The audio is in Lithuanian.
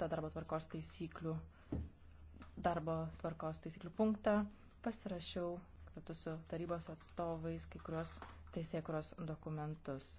penktą darbo tvarkos taisyklių, darbo tvarkos taisyklių punktą pasirašiau kartu su tarybos atstovais kai kurios teisėkuros dokumentus